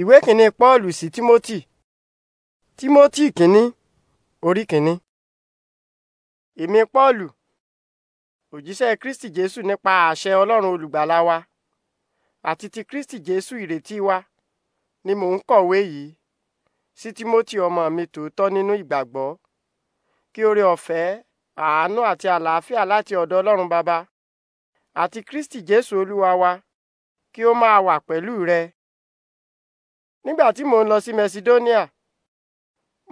Ìwé kìíní Pọ́ọ̀lù sí Tímótì. Tímótì kìíní orí kìíní. Èmi Pọ́ọ̀lù, òjíṣẹ́ Kristi Jésù nípa àṣẹ Ọlọ́run olùgbàlà wa àti ti Kristi Jésù ìrètí wa ni mò ń kọ̀wé yìí sí Tímótì ọmọ mi tòótọ́ nínú ìgbàgbọ́ kí oore ọ̀fẹ́, àánú àti àlàáfíà láti ọ̀dọ̀ Ọlọ́run Baba àti Kristi Jésù Olúwa wa kí ó máa wà pẹ̀lú rẹ nígbà tí mò ń lọ sí Macedonia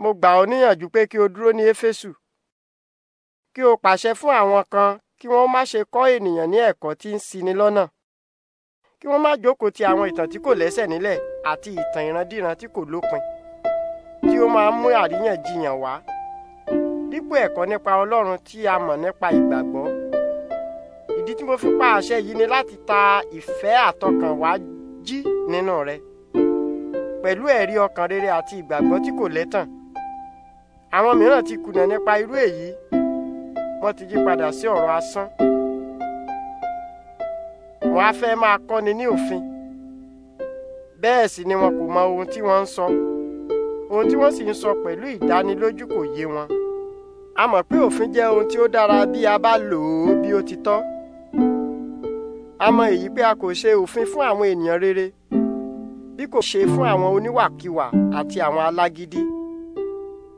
mo gbà ọ níyànjú pé kí o dúró ní Éfésù kí o pàṣẹ fún àwọn kan kí wọ́n má ṣe kọ́ ènìyàn ní ẹ̀kọ́ tí ń ṣini lọ́nà kí wọ́n má jókòó ti àwọn ìtàn tí kò lẹ́sẹ̀ nílẹ̀ àti ìtàn ìrandíran tí kò lópin tí ó máa ń mú àríyànjiyàn wá dípò ẹ̀kọ́ nípa Ọlọ́run tí a mọ̀ nípa ìgbàgbọ́ ìdí tí mo fi pa àṣẹ yìí ni láti ta ìfẹ́ àtọkànwá jí nínú rẹ pẹ̀lú ẹ̀rí ọkàn rere àti ìgbàgbọ́ tí kò lẹ́tàn àwọn mìíràn ti kùnà nípa irú èyí wọ́n ti yí padà sí ọ̀rọ̀ asán wọ́n á fẹ́ máa kọ́ni ní òfin bẹ́ẹ̀ sì ni wọn kò mọ ohun tí wọ́n ń sọ ohun tí wọ́n sì ń sọ pẹ̀lú ìdánilójú kò yé wọn a mọ̀ pé òfin jẹ́ ohun tí ó dára bí a bá lò ó bí ó ti tọ́ a mọ èyí pé a kò ṣe òfin fún àwọn ènìyàn rere bí kò ṣe fún àwọn oníwàkiwà àti àwọn alágídí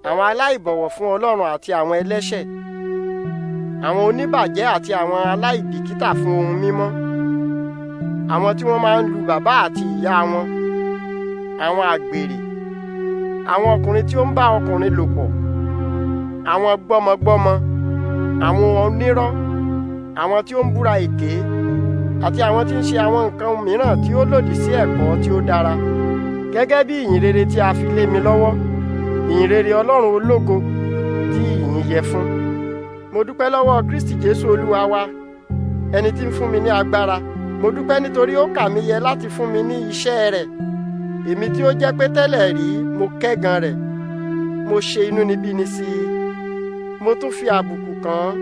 àwọn aláìbọ̀wọ̀ fún Ọlọ́run àti àwọn ẹlẹ́ṣẹ̀ àwọn oníbàjẹ́ àti àwọn aláìbìkítà fún ohun mímọ́ àwọn tí wọ́n máa ń lu bàbá àti ìyá wọn àwọn àgbèrè àwọn ọkùnrin tí ó ń bá ọkùnrin lò pọ̀ àwọn gbọ́mọgbọ́mọ àwọn onírọ́ àwọn tí ó ń búra èké àti àwọn tí ń ṣe àwọn nǹkan mìíràn tí ó lòdì sí ẹ̀kọ́ tí ó dára gẹ́gẹ́ bí ìyìn rere tí a fi lé mi lọ́wọ́ ìyìn rere Ọlọ́run ológo tí ìyìn yẹ fún mo dúpẹ́ lọ́wọ́ Kristi Jésù Olúwa wa ẹni tí ń fún mi ní agbára mo dúpẹ́ nítorí ó kà mí yẹ láti fún mi ní iṣẹ́ rẹ̀ èmi tí ó jẹ́ pé tẹ́lẹ̀ rí mo kẹ́gàn rẹ̀ mo ṣe inúnibíni sí i mo tún fi àbùkù kàn án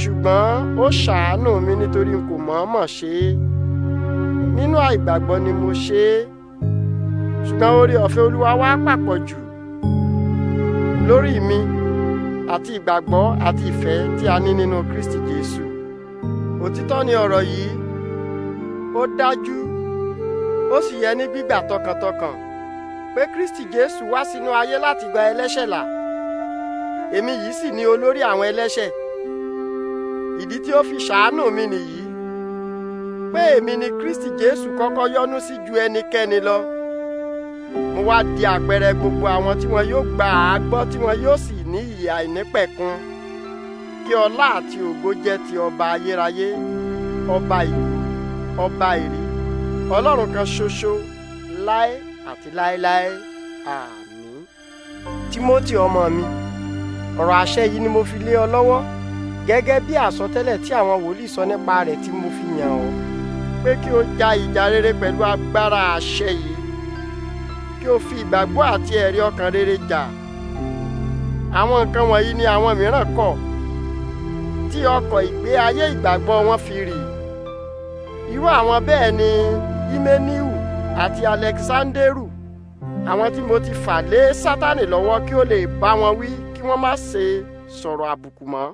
ṣùgbọ́n ó ṣàánú mi nítorí n kò mọ̀ọ́mọ̀ ṣe é nínú àìgbàgbọ́ ni mo ṣe é ṣùgbọ́n oore ọ̀fẹ́ olúwa wá pàpọ̀ jù lórí mi àti ìgbàgbọ́ àti ìfẹ́ tí a ní nínú Kristi Jésù òtítọ́ ni ọ̀rọ̀ yìí ó dájú ó sì yẹ ní gbígbà tọkàntọkàn pé Kristi Jésù wá sínú ayé láti gba ẹlẹ́ṣẹ̀ là èmi yìí sì ni olórí àwọn ẹlẹ́ṣẹ̀ ìdí tí ó fi ṣàánú mi nìyí pé èmi ni Kristi Jésù kọ́kọ́ yọ́nú sí ju ẹnikẹ́ni lọ mo wá di àpẹẹrẹ gbogbo àwọn tí wọn yóò gbà á gbọ́ tí wọn yóò sì ní ìyè àìnípẹ̀kun kí ọlá àti ògo jẹ́ ti ọba ayérayé ọba ìlú ọba ìrí ọlọ́run kan ṣoṣo láé àti láéláé àmín Tímótì ọmọ mi ọ̀rọ̀ àṣẹ yìí ni mo fi lé ọ lọ́wọ́ gẹ́gẹ́ bí àsọtẹ́lẹ̀ tí àwọn wòlíì sọ nípa rẹ̀ tí mo fi yàn ọ́ pé kí o ja ìjà rere pẹ̀lú agbára àṣẹ yìí kí o fi ìgbàgbọ́ àti ẹ̀rí ọkàn rere jà àwọn nǹkan wọ̀nyí ni àwọn mìíràn kọ̀ tí ọkọ̀ ìgbé ayé ìgbàgbọ́ wọn fi rì irú àwọn bẹ́ẹ̀ ni Híméníù àti Alẹ́kisándérù àwọn tí mo ti fà lé Sátánì lọ́wọ́ kí ó lè bá wọn wí kí wọ́n má ṣe sọ̀rọ̀ àbùkù mọ́.